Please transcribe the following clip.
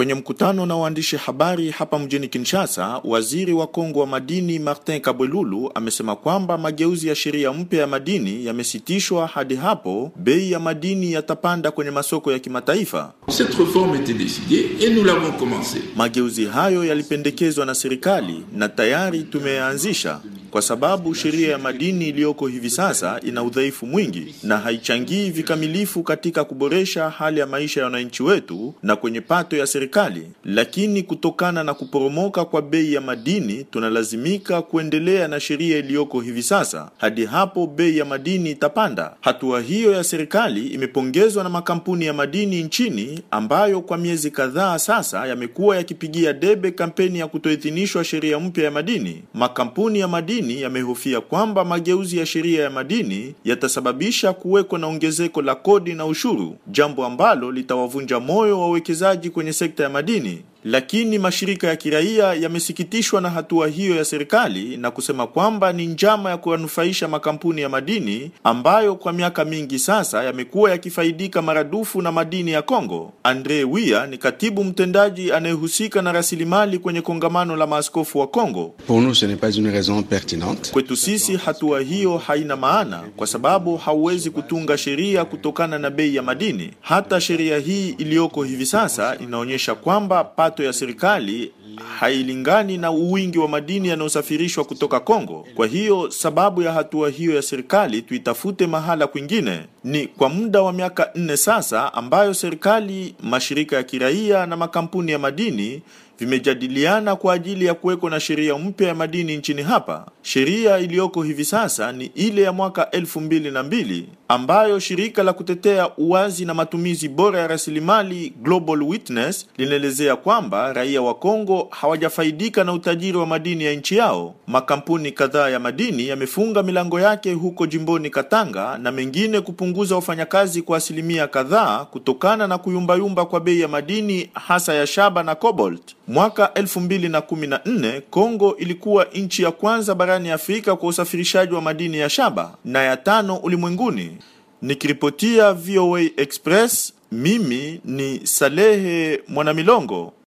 Kwenye mkutano na waandishi habari hapa mjini Kinshasa, waziri wa Kongo wa madini Martin Kabwelulu amesema kwamba mageuzi ya sheria mpya ya madini yamesitishwa hadi hapo bei ya madini yatapanda kwenye masoko ya kimataifa. Cette reforme était et nous l'avons Mageuzi hayo yalipendekezwa na serikali na tayari tumeyaanzisha kwa sababu sheria ya madini iliyoko hivi sasa ina udhaifu mwingi na haichangii vikamilifu katika kuboresha hali ya maisha ya wananchi wetu na kwenye pato ya serikali. Lakini kutokana na kuporomoka kwa bei ya madini, tunalazimika kuendelea na sheria iliyoko hivi sasa hadi hapo bei ya madini itapanda. Hatua hiyo ya serikali imepongezwa na makampuni ya madini nchini ambayo kwa miezi kadhaa sasa yamekuwa yakipigia debe kampeni ya kutoidhinishwa sheria mpya ya madini. Makampuni ya madini madini yamehofia kwamba mageuzi ya sheria ya madini yatasababisha kuwekwa na ongezeko la kodi na ushuru, jambo ambalo litawavunja moyo wawekezaji kwenye sekta ya madini lakini mashirika ya kiraia yamesikitishwa na hatua hiyo ya serikali na kusema kwamba ni njama ya kuwanufaisha makampuni ya madini ambayo kwa miaka mingi sasa yamekuwa yakifaidika maradufu na madini ya Kongo. Andre Wia ni katibu mtendaji anayehusika na rasilimali kwenye kongamano la maaskofu wa Kongo. Kwetu sisi hatua hiyo haina maana kwa sababu hauwezi kutunga sheria kutokana na bei ya madini. Hata sheria hii iliyoko hivi sasa inaonyesha kwamba watu ya serikali hailingani na uwingi wa madini yanayosafirishwa kutoka Kongo. Kwa hiyo sababu ya hatua hiyo ya serikali tuitafute mahala kwingine. Ni kwa muda wa miaka nne sasa ambayo serikali, mashirika ya kiraia na makampuni ya madini vimejadiliana kwa ajili ya kuweko na sheria mpya ya madini nchini hapa. Sheria iliyoko hivi sasa ni ile ya mwaka elfu mbili na mbili ambayo shirika la kutetea uwazi na matumizi bora ya rasilimali Global Witness linaelezea kwamba raia wa Kongo hawajafaidika na utajiri wa madini ya nchi yao, makampuni kadhaa ya madini yamefunga milango yake huko jimboni Katanga na mengine kupunguza wafanyakazi kwa asilimia kadhaa kutokana na kuyumbayumba kwa bei ya madini hasa ya shaba na cobalt. Mwaka 2014 Kongo ilikuwa nchi ya kwanza barani Afrika kwa usafirishaji wa madini ya shaba na ya tano ulimwenguni. Nikiripotia VOA Express mimi ni Salehe Mwanamilongo.